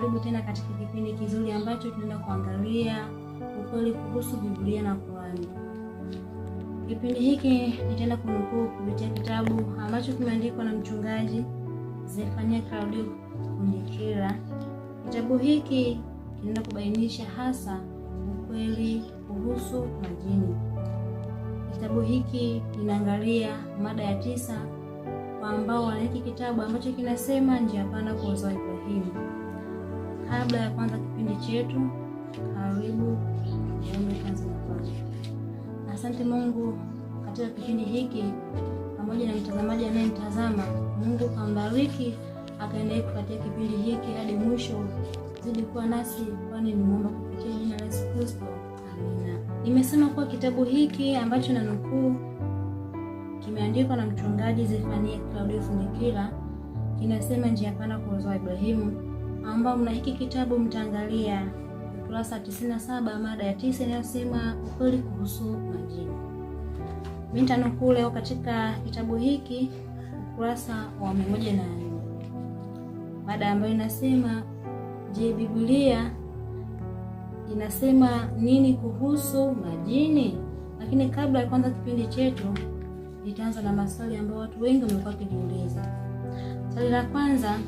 Karibu tena katika kipindi kizuri ambacho tunaenda kuangalia ukweli kuhusu Biblia na Qur'ani. Kipindi hiki nitaenda kunukuu kupitia kitabu ambacho kimeandikwa na mchungaji Zefania Claudio Kundikira. Kitabu hiki kinaenda kubainisha hasa ukweli kuhusu majini. Kitabu hiki kinaangalia mada ya tisa kwa ambao wanaiki kitabu ambacho kinasema njia panda kwa uzao Ibrahimu. Kabla ya kwanza kipindi chetu, karibu niombe kwanza na Asante Mungu katika kipindi hiki pamoja na mtazamaji anayemtazama, Mungu kambariki akaendelee kupatia kipindi hiki hadi mwisho, zidi kuwa nasi, kwani nimeomba kupitia jina la Yesu Kristo, amina. Nimesema kuwa kitabu hiki ambacho na nukuu kimeandikwa na mchungaji Zefania Claudio Funikira kinasema njia pana kuozoa Ibrahimu ambao mna hiki kitabu mtaangalia kurasa 97 mada ya tisa inayosema ukweli kuhusu majini. Binti nukuu leo katika kitabu hiki kurasa wa 104 mada ambayo inasema je, Biblia inasema nini kuhusu majini? Lakini kabla ya kuanza kipindi chetu, nitaanza na maswali ambayo watu wengi wamekuwa wakijiuliza. Swali la kwanza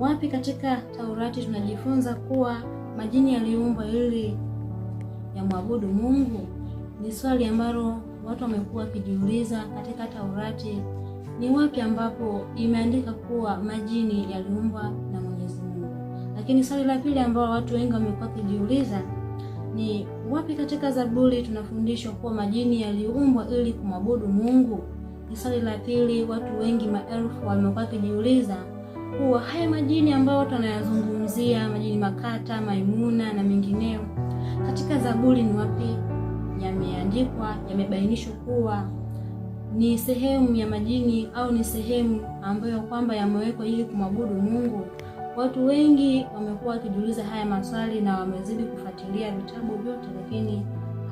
wapi katika Taurati tunajifunza kuwa majini yaliumbwa ili yamwabudu Mungu? Ni swali ambalo watu wamekuwa wakijiuliza. Katika Taurati ni wapi ambapo imeandika kuwa majini yaliumbwa na Mwenyezi Mungu? Lakini swali la pili ambalo watu wengi wamekuwa wakijiuliza ni wapi katika Zaburi tunafundishwa kuwa majini yaliumbwa ili kumwabudu Mungu? Ni swali la pili watu wengi maelfu wamekuwa wakijiuliza kuwa haya majini ambayo tunayazungumzia, majini makata, maimuna na mengineo, katika Zaburi ni wapi yameandikwa, yamebainishwa kuwa ni sehemu ya majini au ni sehemu ambayo kwamba yamewekwa ili kumwabudu Mungu? Watu wengi wamekuwa wakijiuliza haya maswali na wamezidi kufuatilia vitabu vyote, lakini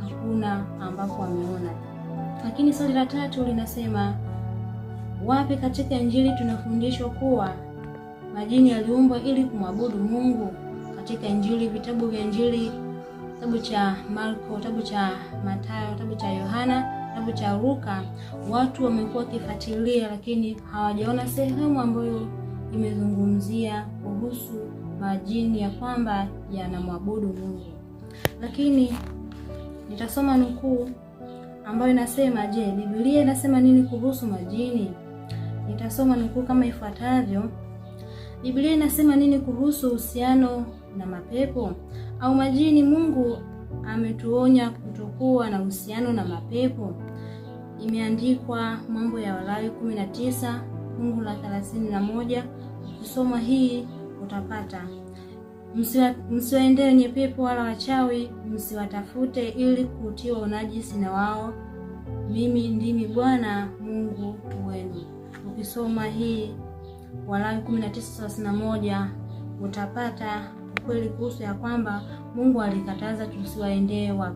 hakuna ambapo wameona. Lakini swali la tatu linasema, wapi katika Injili tunafundishwa kuwa Majini yaliumbwa ili kumwabudu Mungu. Katika Injili, vitabu vya Injili, kitabu cha Marko, kitabu cha Mathayo, kitabu cha Yohana, kitabu cha Luka, watu wamekuwa wakifuatilia, lakini hawajaona sehemu ambayo imezungumzia kuhusu majini ya kwamba yanamwabudu Mungu. Lakini nitasoma nukuu ambayo inasema, je, Biblia inasema nini kuhusu majini? Nitasoma nukuu kama ifuatavyo. Biblia inasema nini kuhusu uhusiano na mapepo au majini? Mungu ametuonya kutokuwa na uhusiano na mapepo. Imeandikwa Mambo ya Walawi 19 fungu la 31. Ukisoma hii utapata msiwaendee wenye pepo wala wachawi, msiwatafute ili kutiwa unajisi na wao. Mimi ndimi Bwana Mungu wenu. Ukisoma hii Walawi 19:31 utapata ukweli kuhusu ya kwamba Mungu alikataza tusiwaendee wa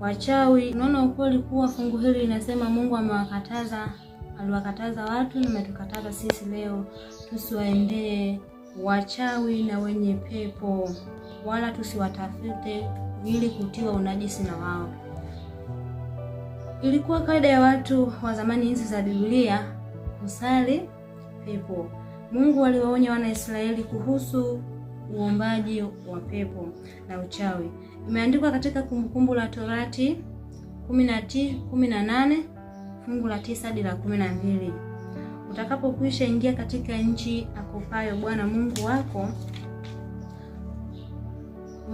wachawi. Unaona ukweli kuwa fungu hili linasema Mungu amewakataza, aliwakataza watu na ametukataza sisi leo tusiwaendee wachawi na wenye pepo, wala tusiwatafute ili kutiwa unajisi na wao. Ilikuwa kaida ya watu wa zamani, hizi za Biblia, kusali pepo Mungu aliwaonya Wanaisraeli kuhusu uombaji wa pepo na uchawi. Imeandikwa katika Kumbukumbu la Torati 18 fungu la 9 hadi la 12. Utakapokwisha ingia katika nchi akupayo Bwana Mungu wako,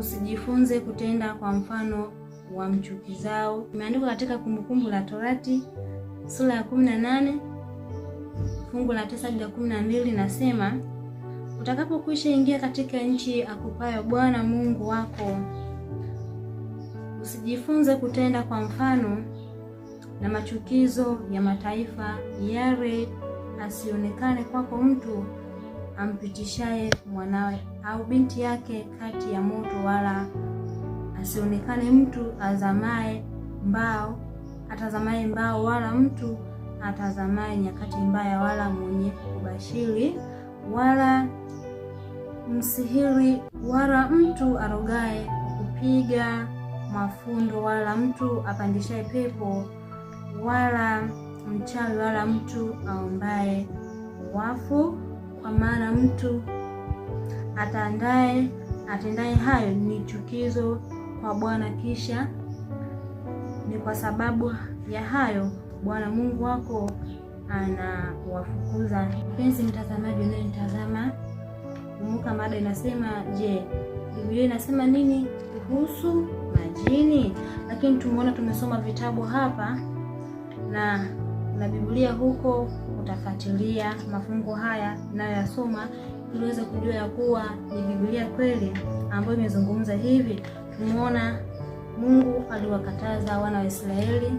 usijifunze kutenda kwa mfano wa mchukizao. Imeandikwa katika Kumbukumbu la Torati sura ya 18 fungu la tisa hadi kumi na mbili nasema utakapokwisha ingia katika nchi akupayo Bwana Mungu wako, usijifunze kutenda kwa mfano na machukizo ya mataifa yale, asionekane kwako mtu ampitishaye mwanawe au binti yake kati ya moto, wala asionekane mtu azamaye mbao atazamaye mbao, wala mtu atazamaye nyakati mbaya, wala mwenye kubashiri, wala msihiri, wala mtu arogae kupiga mafundo, wala mtu apandishaye pepo, wala mchawi, wala mtu aombaye wafu. Kwa maana mtu atandaye atendaye hayo ni chukizo kwa Bwana, kisha ni kwa sababu ya hayo Bwana Mungu wako anawafukuza. Mpenzi mtazamaji unayenitazama, kumbuka mada inasema je, Biblia inasema nini kuhusu majini? Lakini tumeona tumesoma vitabu hapa na na Biblia huko, utafuatilia mafungo haya nayoyasoma ili uweze kujua ya kuwa ni Biblia kweli ambayo imezungumza hivi. Tumeona Mungu aliwakataza wana wa Israeli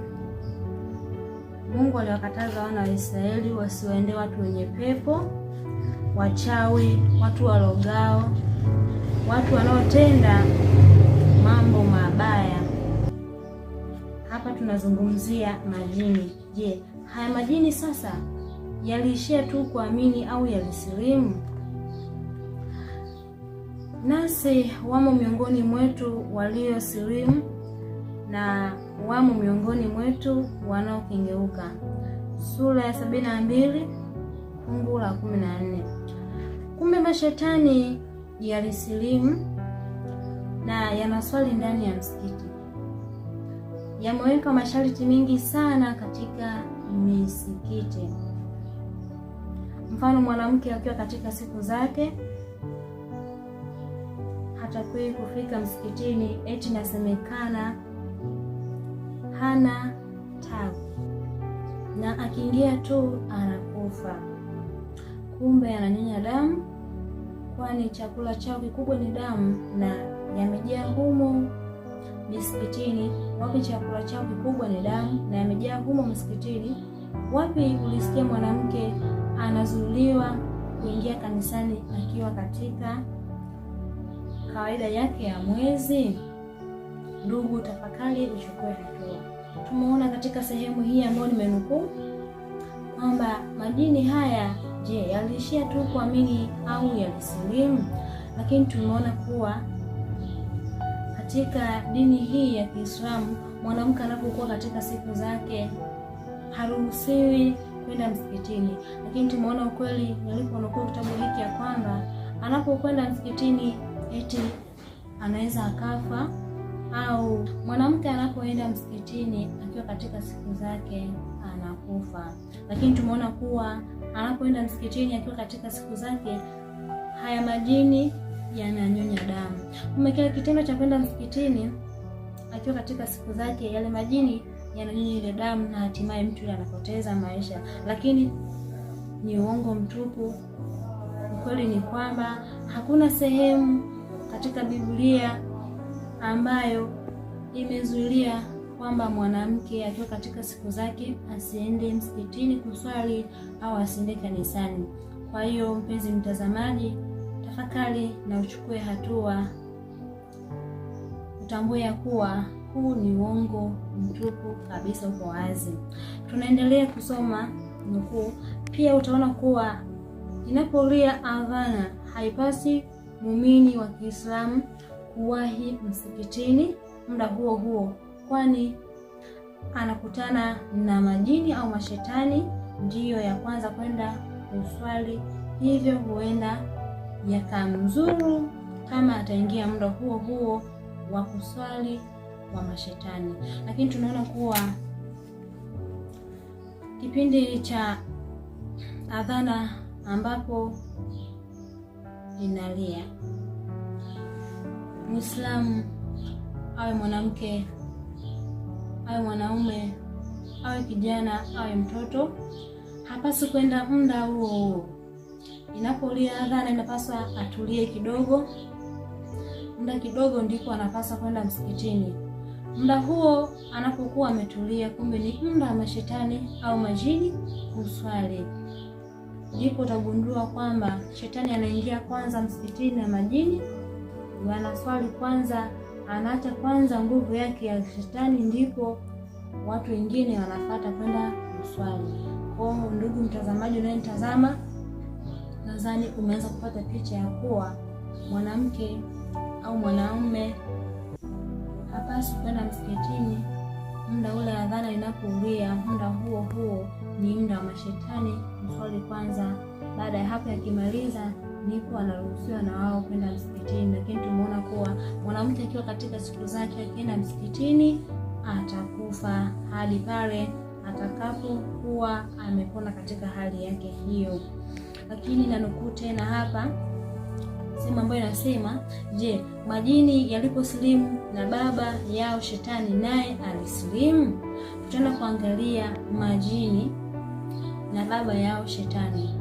Mungu aliwakataza wana wa Israeli wasiwaende watu wenye pepo, wachawi, watu walogao, watu wanaotenda mambo mabaya. Hapa tunazungumzia majini. Je, haya majini sasa yaliishia tu kuamini au yalisilimu? Nasi wamo miongoni mwetu waliosilimu na wamo miongoni mwetu wanaokengeuka, sura ya sabini na mbili fungu la kumi na nne. Kumbe mashetani yalisilimu na yanaswali ndani ya msikiti, yameweka masharti mengi sana katika misikiti. Mfano, mwanamke akiwa katika siku zake hatakiwi kufika msikitini, eti nasemekana hana tabu na akiingia tu anakufa. Kumbe ananyonya damu, kwani chakula chao kikubwa ni damu, na yamejaa humo misikitini. Wapi chakula chao kikubwa ni damu, na yamejaa humo misikitini. Wapi ulisikia mwanamke anazuiliwa kuingia kanisani akiwa katika kawaida yake ya mwezi? Ndugu, tafakari, uchukue hatua tumeona katika sehemu hii ambayo nimenukuu kwamba majini haya, je, yaliishia tu kuamini au yalisilimu? Lakini tumeona kuwa katika dini hii ya Kiislamu mwanamke anapokuwa katika siku zake haruhusiwi kwenda msikitini, lakini tumeona ukweli aliponukuu kitabu hiki ya kwamba anapokwenda msikitini eti anaweza akafa au mwanamke anapoenda msikitini akiwa katika siku zake anakufa. Lakini tumeona kuwa anapoenda msikitini akiwa katika siku zake, haya majini yananyonya damu. Umekia kitendo cha kwenda msikitini akiwa katika siku zake, yale majini yananyonya ile damu na hatimaye mtu yule anapoteza maisha, lakini ni uongo mtupu. Ukweli ni kwamba hakuna sehemu katika Biblia ambayo imezuilia kwamba mwanamke akiwa katika siku zake asiende msikitini kuswali au asiende kanisani. Kwa hiyo mpenzi mtazamaji, tafakari na uchukue hatua, utambue ya kuwa huu ni uongo mtupu kabisa, uko wazi. Tunaendelea kusoma nukuu. Pia utaona kuwa inapolia adhana haipasi muumini wa Kiislamu kuwahi msikitini muda huo huo, kwani anakutana na majini au mashetani ndiyo ya kwanza kwenda kuswali, hivyo huenda yakamzuru kama ataingia muda huo huo wa kuswali wa mashetani. Lakini tunaona kuwa kipindi cha adhana ambapo inalia Muislamu awe mwanamke, awe mwanaume, awe kijana, awe mtoto, hapaswi kwenda muda huo huo. Inapolia adhana, inapaswa atulie kidogo, muda kidogo, ndipo anapaswa kwenda msikitini. Muda huo anapokuwa ametulia, kumbe ni muda wa mashetani au majini kuswali, ndipo utagundua kwamba shetani anaingia kwanza msikitini na majini wanaswali kwanza, anaacha kwanza nguvu yake ya shetani, ndipo watu wengine wanapata kwenda kuswali. Kwa hiyo, ndugu mtazamaji unayenitazama, nadhani umeanza kupata picha ya kuwa mwanamke au mwanaume hapaswi kwenda msikitini muda ule adhana inapoulia Muda huo huo ni muda wa mashetani. Mswali kwanza, baada ya hapo yakimaliza niko anaruhusiwa na wao kwenda msikitini, lakini tumeona kuwa mwanamke akiwa katika siku zake akienda msikitini atakufa hadi pale atakapokuwa amepona katika hali yake hiyo. Lakini nanukuu tena hapa sehemu ambayo inasema, je, majini yaliposilimu na baba yao shetani naye alisilimu? Tutaenda kuangalia majini na baba yao shetani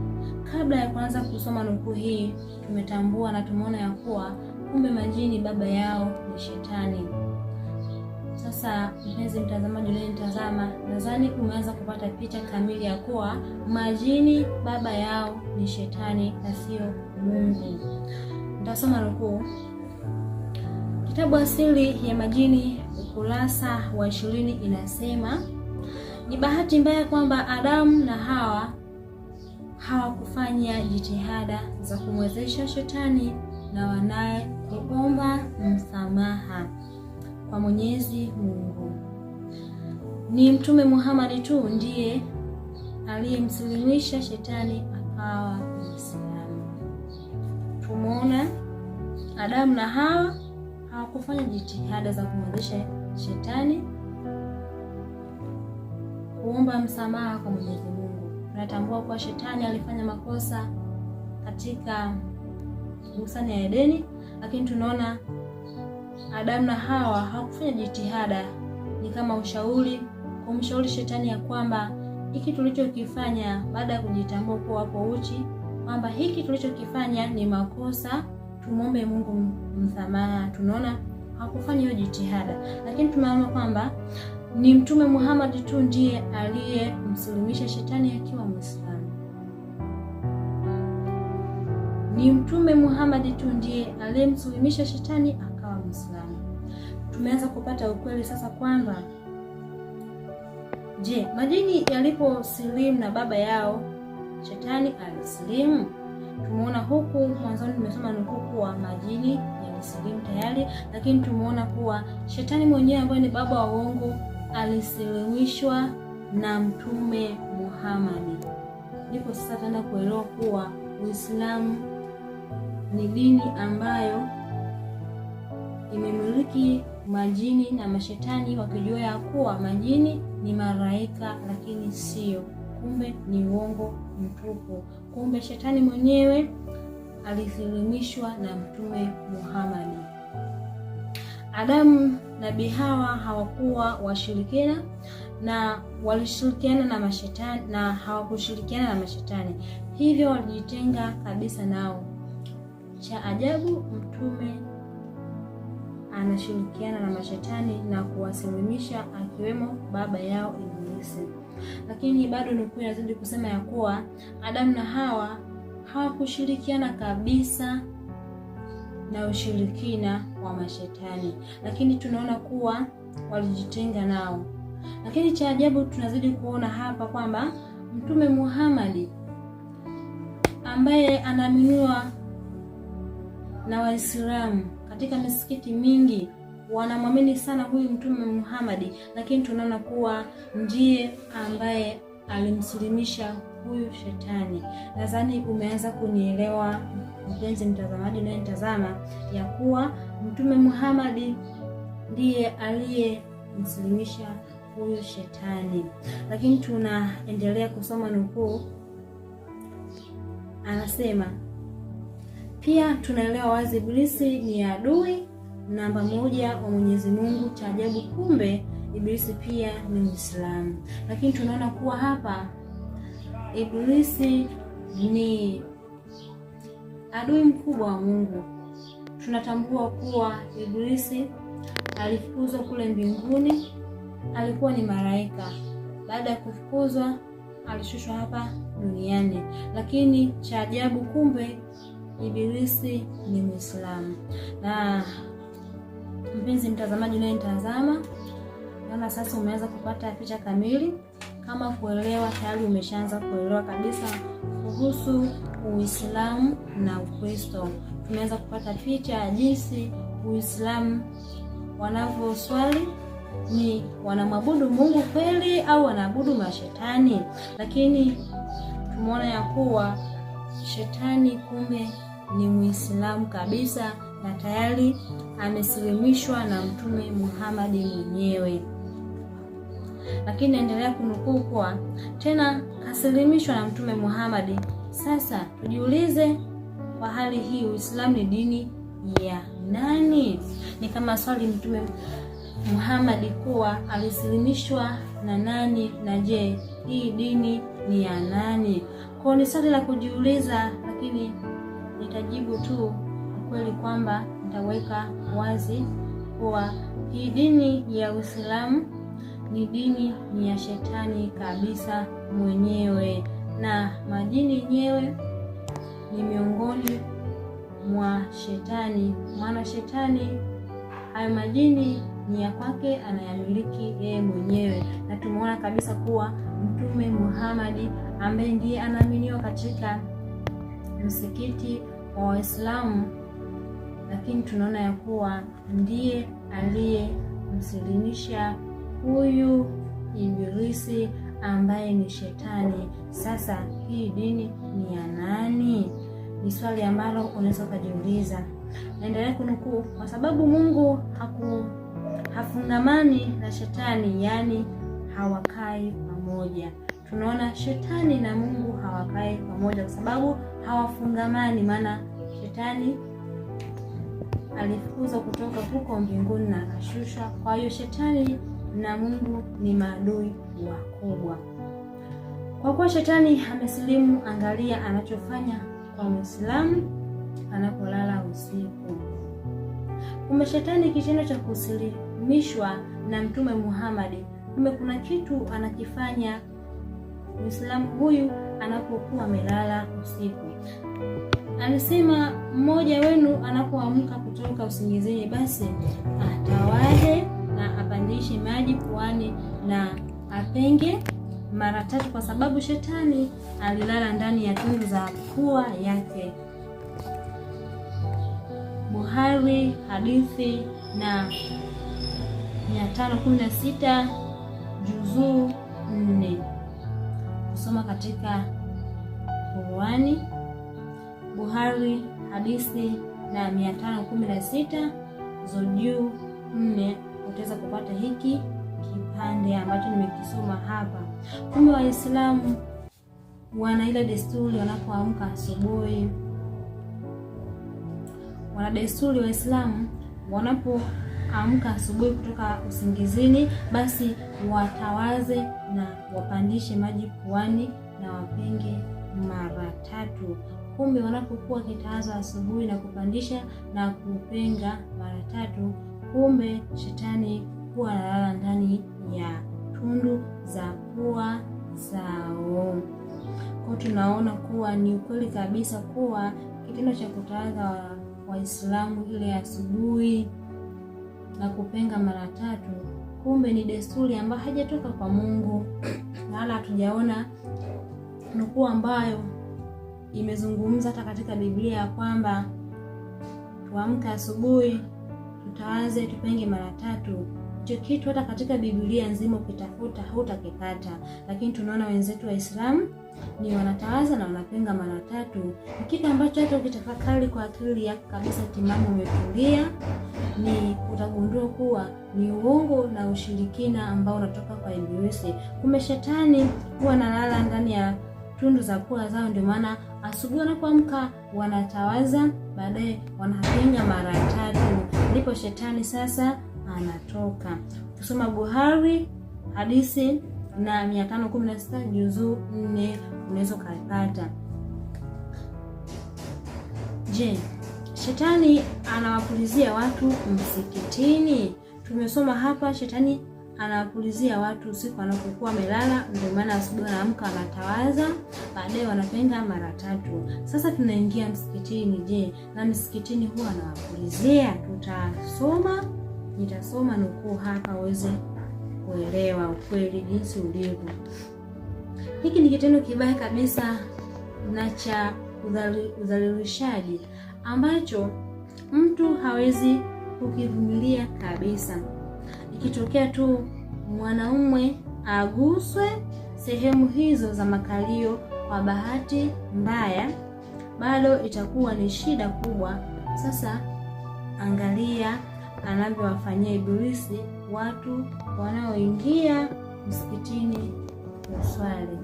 Kabla ya kuanza kusoma nukuu hii, tumetambua na tumeona ya kuwa kumbe majini baba yao ni Shetani. Sasa mpenzi mtazamaji nitazama, nadhani umeanza kupata picha kamili ya kuwa majini baba yao ni Shetani na sio Mungu. Nitasoma nukuu kitabu Asili ya Majini ukurasa wa ishirini inasema: ni bahati mbaya kwamba Adamu na Hawa hawakufanya jitihada za kumwezesha shetani na wanaye kuomba msamaha kwa Mwenyezi Mungu. Ni Mtume Muhammad tu ndiye aliyemsilimisha shetani akawa Muislamu. Tumeona Adamu na Hawa hawakufanya jitihada za kumwezesha shetani kuomba msamaha kwa Mwenyezi Mungu tunatambua kuwa shetani alifanya makosa katika bustani ya Edeni, lakini tunaona Adamu na Hawa hawakufanya jitihada, ni kama ushauri, kumshauri shetani ya kwamba hiki tulichokifanya, baada ya kujitambua kuwa wapo uchi, kwamba hiki tulichokifanya ni makosa, tumwombe Mungu msamaha. Tunaona hakufanya hiyo jitihada, lakini tumeona kwamba ni Mtume Muhammad tu ndiye aliyemsulumisha shetani akiwa Muislamu. Ni Mtume Muhammad tu ndiye aliyemsulumisha shetani akawa Mwislamu. Tumeanza kupata ukweli sasa kwamba je, majini yaliposilimu na baba yao shetani alisilimu? Tumeona huku mwanzoni tumesoma nukuu kuwa majini yalisilimu tayari, lakini tumeona kuwa shetani mwenyewe ambaye ni baba wa uongo alisilimishwa na Mtume Muhammad. Ndipo sasa tutaenda kuelewa kuwa Uislamu ni dini ambayo imemiliki majini na mashetani, wakijua ya kuwa majini ni maraika lakini sio. Kumbe ni uongo mtupu. Kumbe shetani mwenyewe alisilimishwa na Mtume Muhammad. Adamu nabii hawa hawakuwa washirikina na walishirikiana na mashetani na hawakushirikiana na mashetani, hivyo walijitenga kabisa nao. Cha ajabu, mtume anashirikiana na mashetani na kuwasilimisha akiwemo baba yao Ibilisi. Lakini bado nukuu inazidi kusema ya kuwa Adamu na Hawa hawakushirikiana kabisa na ushirikina wa mashetani, lakini tunaona kuwa walijitenga nao. Lakini cha ajabu tunazidi kuona hapa kwamba Mtume Muhammad ambaye anaaminiwa na Waislamu katika misikiti mingi wanamwamini sana huyu Mtume Muhammad, lakini tunaona kuwa ndiye ambaye alimsilimisha huyu shetani. Nadhani umeanza kunielewa mpenzi mtazamaji unayenitazama, ya kuwa Mtume Muhammad ndiye aliyemsilimisha huyu shetani. Lakini tunaendelea kusoma nukuu, anasema pia tunaelewa wazi Ibilisi ni adui namba moja wa Mwenyezi Mungu. Cha ajabu, kumbe Ibilisi pia ni Muislamu. Lakini tunaona kuwa hapa Ibilisi ni adui mkubwa wa Mungu. Tunatambua kuwa Ibilisi alifukuzwa kule mbinguni, alikuwa ni malaika. Baada ya kufukuzwa, alishushwa hapa duniani, lakini cha ajabu, kumbe Ibilisi ni Mwislamu. Na mpenzi mtazamaji nitazama, naona sasa umeanza kupata picha kamili, kama kuelewa tayari, umeshaanza kuelewa kabisa kuhusu Uislamu na Ukristo. Tumeweza kupata picha ya jinsi Uislamu wanavyoswali ni wanamwabudu Mungu kweli au wanaabudu mashetani, lakini tumeona ya kuwa shetani kumbe ni Muislamu kabisa na tayari amesilimishwa na Mtume Muhammad mwenyewe. Lakini endelea kunukuu kuwa tena kasilimishwa na Mtume Muhammad sasa tujiulize, kwa hali hii Uislamu ni dini ya nani? Ni kama swali Mtume Muhammad kuwa alisilimishwa na nani, na je hii dini ni ya nani? Kwa ni swali la kujiuliza, lakini nitajibu tu ukweli kwamba nitaweka wazi kuwa hii dini ya Uislamu ni dini ni ya shetani kabisa mwenyewe na majini yenyewe ni miongoni mwa shetani, maana shetani hayo majini ni ya kwake, anayamiliki yeye mwenyewe. Na tumeona kabisa kuwa Mtume Muhamadi ambaye ndiye anaaminiwa katika msikiti wa Waislamu, lakini tunaona ya kuwa ndiye aliyemsilimisha huyu Ibilisi ambaye ni shetani. Sasa hii dini ni ya nani? Ni swali ambalo unaweza ukajiuliza. Naendelea kunukuu, kwa sababu Mungu haku hafungamani na shetani, yaani hawakai pamoja. Tunaona shetani na Mungu hawakai pamoja kwa sababu hawafungamani, maana shetani alifukuzwa kutoka huko mbinguni na akashushwa. Kwa hiyo shetani na Mungu ni maadui wakubwa. Kwa kuwa shetani amesilimu, angalia anachofanya kwa Muislamu anapolala usiku. Kumbe shetani, kitendo cha kusilimishwa na Mtume Muhammad, kumbe kuna kitu anakifanya Muislamu huyu anapokuwa amelala usiku. Anasema mmoja wenu anapoamka kutoka usingizini, basi atawahe na apenge mara tatu, kwa sababu shetani alilala ndani ya tundu za pua yake. Buhari hadithi na 516 juzuu 4. Kusoma katika Qurani, Buhari hadithi na 516 juzuu 4, utaweza kupata hiki kipande ambacho nimekisoma hapa. Kumbe Waislamu wana ile desturi, wanapoamka asubuhi, wana desturi Waislamu wanapoamka asubuhi kutoka usingizini, basi watawaze na wapandishe maji puani na wapenge mara tatu. Kumbe wanapokuwa wakitawaza asubuhi na kupandisha na kupenga mara tatu, kumbe shetani huwa analala ndani ya tundu za pua zao. Kwa tunaona kuwa ni ukweli kabisa kuwa kitendo cha kutaaza Waislamu wa ile asubuhi na kupenga mara tatu, kumbe ni desturi ambayo haijatoka kwa Mungu na wala hatujaona nukuu ambayo imezungumza hata katika Biblia ya kwamba tuamke asubuhi tutawaze tupenge mara tatu hicho kitu hata katika Biblia nzima ukitafuta hutakipata, lakini tunaona wenzetu Waislamu ni wanatawaza na wanapinga mara tatu. Ni kitu ambacho hata ukitafakari kwa akili yako kabisa timamu, umetulia, ni utagundua kuwa ni uongo na ushirikina ambao unatoka kwa Ibilisi. Kumbe shetani huwa analala ndani ya tundu za kuwa zao, ndio maana asubuhi wanapoamka wanatawaza, baadaye wanapinga mara tatu, ndipo shetani sasa anatoka. Ukisoma Buhari hadisi na 516 juzuu 4 unaweza ukaipata. Je, shetani anawapulizia watu msikitini? Tumesoma hapa shetani anawapulizia watu usiku wanapokuwa wamelala, ndio maana asubuhi wanaamka wanatawaza, baadaye wanapenda mara tatu. Sasa tunaingia msikitini. Je, na msikitini huwa anawapulizia? Tutasoma Nitasoma nukuu hapa uweze kuelewa ukweli jinsi ulivyo. Hiki ni kitendo kibaya kabisa na cha udhalilishaji ambacho mtu hawezi kukivumilia kabisa. Ikitokea tu mwanaume aguswe sehemu hizo za makalio kwa bahati mbaya, bado itakuwa ni shida kubwa. Sasa angalia anavyowafanyia Ibilisi watu wanaoingia msikitini kuswali.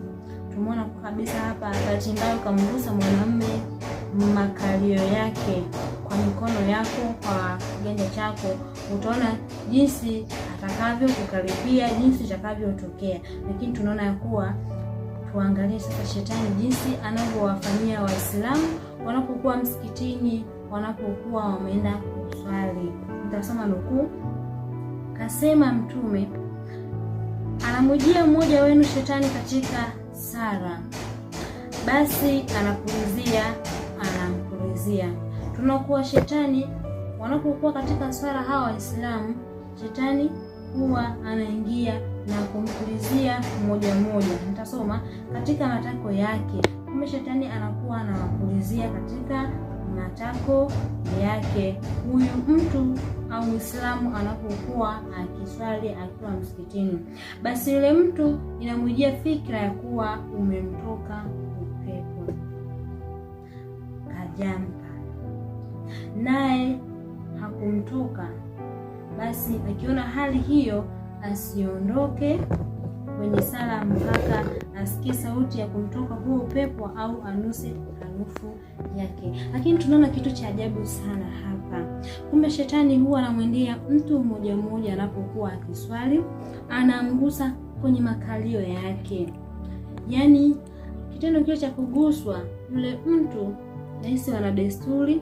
Tumeona kabisa hapa, bahati mbaya ukamgusa mwanamume makalio yake kwa mikono yako, kwa kiganja chako, utaona jinsi kukaribia, jinsi itakavyotokea. Lakini tunaona ya kuwa tuangalie sasa shetani jinsi anavyowafanyia Waislamu wanapokuwa msikitini, wanapokuwa wameenda kuswali nitasoma nukuu. Kasema Mtume, anamujia mmoja wenu shetani katika sara, basi anapulizia, anampulizia. Tunakuwa shetani wanapokuwa katika swala hawa Waislamu, shetani huwa anaingia na kumpulizia mmoja mmoja. Nitasoma katika matako yake, kumbe shetani anakuwa anawapulizia katika matako yake. Huyu mtu au Muislamu anapokuwa akiswali akiwa msikitini, basi yule mtu inamujia fikra ya kuwa umemtoka upepo kajamba naye hakumtoka. Basi akiona hali hiyo asiondoke kwenye sala mpaka asikie sauti ya kumtoka huo upepo au anuse mapungufu yake. Lakini tunaona kitu cha ajabu sana hapa, kumbe shetani huwa anamwendea mtu mmoja mmoja anapokuwa akiswali, anamgusa kwenye makalio yake, yaani kitendo kile cha kuguswa yule mtu nahisi wana desturi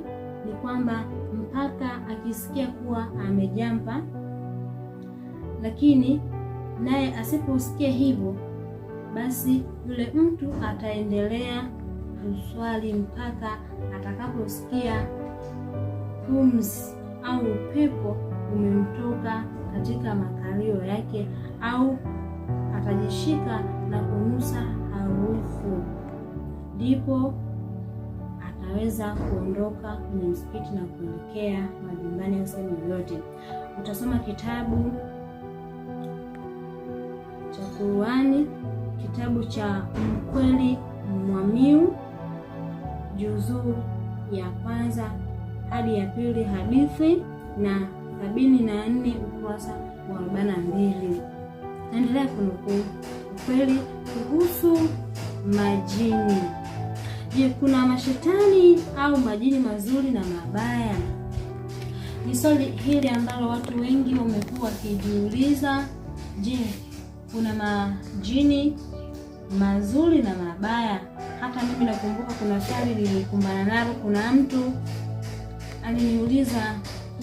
ni kwamba mpaka akisikia kuwa amejampa, lakini naye asiposikia hivyo, basi yule mtu ataendelea mswali mpaka atakaposikia pumzi au upepo umemtoka katika makalio yake, au atajishika na kunusa harufu, ndipo ataweza kuondoka kwenye msikiti na kuelekea majumbani ya sehemu yoyote. Utasoma kitabu cha kuruani kitabu cha Mkweli Mwamiu juzuu ya kwanza hadi ya pili hadithi na sabini na nne ukurasa wa arobaini na mbili. Naendelea kunukuu ukweli kuhusu majini. Je, kuna mashetani au majini mazuri na mabaya? Ni swali hili ambalo watu wengi wamekuwa wakijiuliza. Je, kuna majini mazuri na mabaya? Hata mimi nakumbuka kuna swali nilikumbana nalo, kuna mtu aliniuliza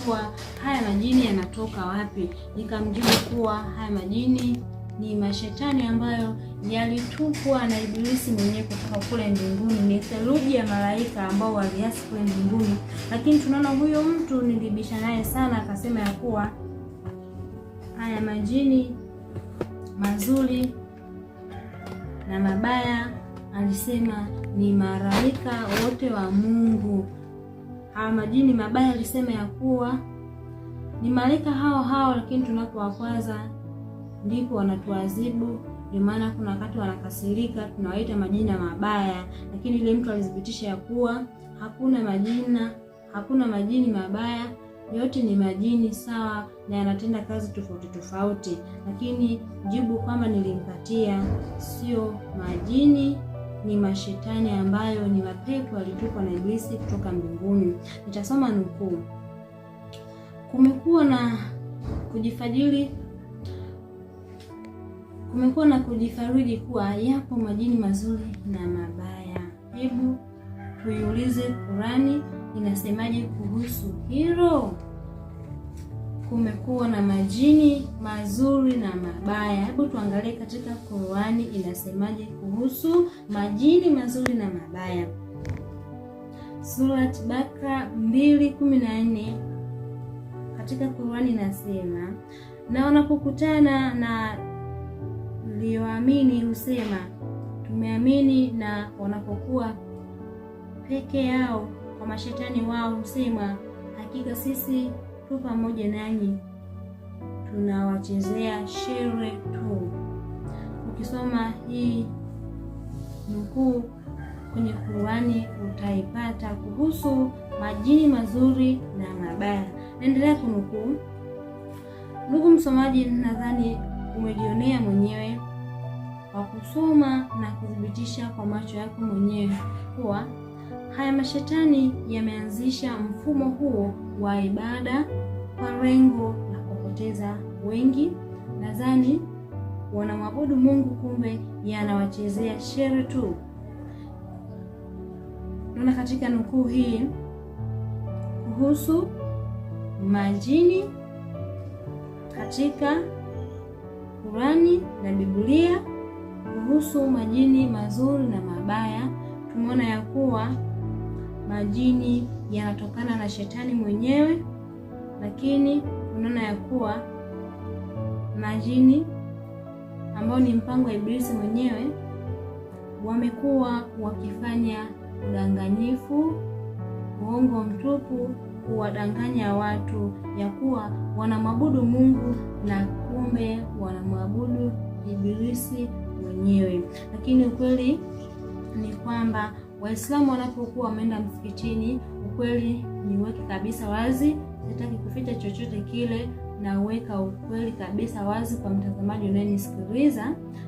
kuwa haya majini yanatoka wapi? Nikamjibu kuwa haya majini ni mashetani ambayo yalitupwa na Ibilisi mwenyewe kutoka kule mbinguni, ni theluji ya malaika ambao waliasi kule mbinguni. Lakini tunaona huyo mtu nilibisha naye sana, akasema ya kuwa haya majini mazuri na mabaya alisema ni malaika wote wa Mungu. Hawa majini mabaya alisema ya kuwa ni malaika hao hao, lakini tunapowakwaza ndipo wanatuadhibu. Ndio maana kuna wakati wanakasirika, tunawaita majina mabaya, lakini ile mtu alithibitisha ya kuwa hakuna majina, hakuna majini mabaya, yote ni majini sawa na yanatenda kazi tofauti tofauti, lakini jibu kwamba nilimpatia sio majini ni mashetani ambayo ni mapepo yalitupwa na Ibilisi kutoka mbinguni. Nitasoma nukuu. Kumekuwa na kujifadhili kumekuwa na kujifariji kuwa yapo majini mazuri na mabaya. Hebu tuiulize Kurani inasemaje kuhusu hilo? kumekuwa na majini mazuri na mabaya. Hebu tuangalie katika Qur'ani inasemaje kuhusu majini mazuri na mabaya. Surat Bakara 2:14 katika Qur'ani inasema, na wanapokutana na liyoamini husema tumeamini, na wanapokuwa peke yao kwa mashetani wao husema hakika sisi tu pamoja nanyi, tunawachezea shere tu. Ukisoma hii nukuu kwenye Qur'ani utaipata kuhusu majini mazuri na mabaya. Naendelea kunukuu. Ndugu msomaji, nadhani umejionea mwenyewe kwa kusoma na kuthibitisha kwa macho yako mwenyewe kuwa Haya mashetani yameanzisha mfumo huo wa ibada kwa lengo la kupoteza wengi. Nadhani wanamwabudu Mungu, kumbe yanawachezea shere tu. Naona katika nukuu hii kuhusu majini katika Kurani na Biblia kuhusu majini mazuri na mabaya, tumeona ya kuwa majini yanatokana na shetani mwenyewe, lakini unaona ya kuwa majini ambao ni mpango wa Ibilisi mwenyewe wamekuwa wakifanya udanganyifu, uongo mtupu, kuwadanganya watu ya kuwa wanamwabudu Mungu na kumbe wanamwabudu Ibilisi mwenyewe, lakini ukweli ni kwamba Waislamu wanapokuwa wameenda msikitini, ukweli ni weke kabisa wazi, sitaki kuficha chochote kile, na weka ukweli kabisa wazi kwa mtazamaji unayenisikiliza,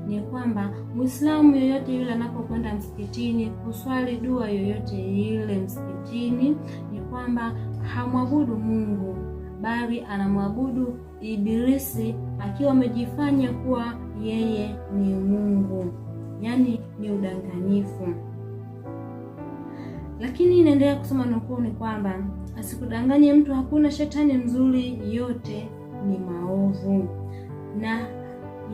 ni kwamba Muislamu yoyote yule anapokwenda msikitini kuswali dua yoyote ile msikitini, ni kwamba hamwabudu Mungu bali anamwabudu Ibilisi akiwa amejifanya kuwa yeye ni Mungu, yaani ni udanganyifu. Lakini inaendelea kusoma nukuu, ni kwamba asikudanganye mtu, hakuna shetani mzuri, yote ni maovu na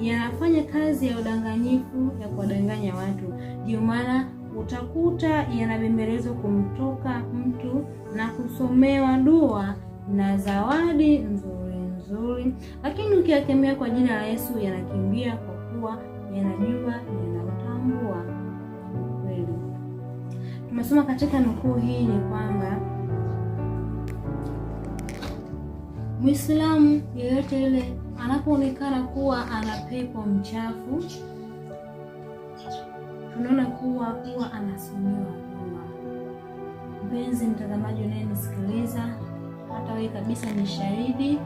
yanafanya kazi ya udanganyifu ya kuwadanganya watu. Ndio maana utakuta yanabembelezwa kumtoka mtu na kusomewa dua na zawadi nzuri nzuri, lakini ukiyakemea kwa jina la Yesu yanakimbia, kwa kuwa yanajua, yanautambua tumesoma katika nukuu hii ni kwamba Mwislamu yeyote ile anapoonekana kuwa ana pepo mchafu, tunaona kuwa huwa anasomewa Mpenzi mtazamaji unayenisikiliza, hata wewe kabisa ni shahidi.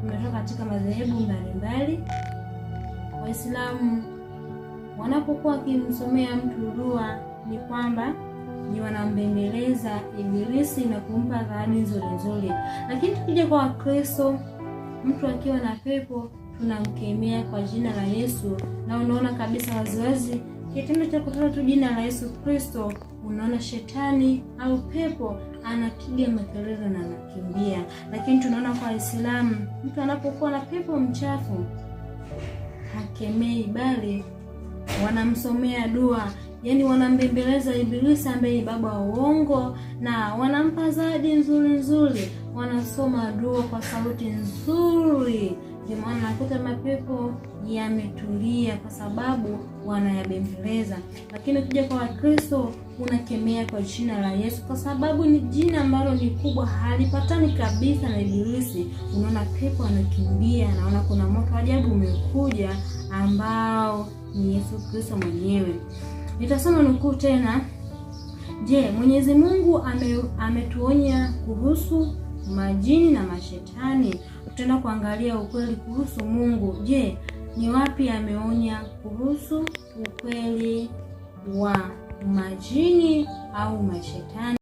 Tumetoka katika madhehebu mbalimbali. Waislamu wanapokuwa wakimsomea mtu dua ni kwamba ni wanambembeleza Ibilisi na kumpa zawadi nzuri nzuri. Lakini tukija kwa Wakristo, mtu akiwa na pepo tunamkemea kwa jina la Yesu, na unaona kabisa waziwazi kitendo cha kutoa tu jina la Yesu Kristo, unaona shetani au pepo anapiga makelele na anakimbia. Lakini tunaona kwa Waislamu, mtu anapokuwa na pepo mchafu hakemei, bali wanamsomea dua yani wanambembeleza Ibilisi ambaye ni baba wa uongo, na wanampa zawadi nzuri nzuri, wanasoma dua kwa sauti nzuri. Ndio maana nakuta mapepo yametulia kwa sababu wanayabembeleza. Lakini ukija kwa Wakristo unakemea kwa jina la Yesu, kwa sababu ni jina ambalo ni kubwa, halipatani kabisa na Ibilisi. Unaona pepo anakimbia, naona kuna mwaka ajabu umekuja ambao ni Yesu Kristo mwenyewe. Nitasoma nukuu tena. Je, Mwenyezi Mungu ame, ametuonya kuhusu majini na mashetani? Tutaenda kuangalia ukweli kuhusu Mungu. Je, ni wapi ameonya kuhusu ukweli wa majini au mashetani?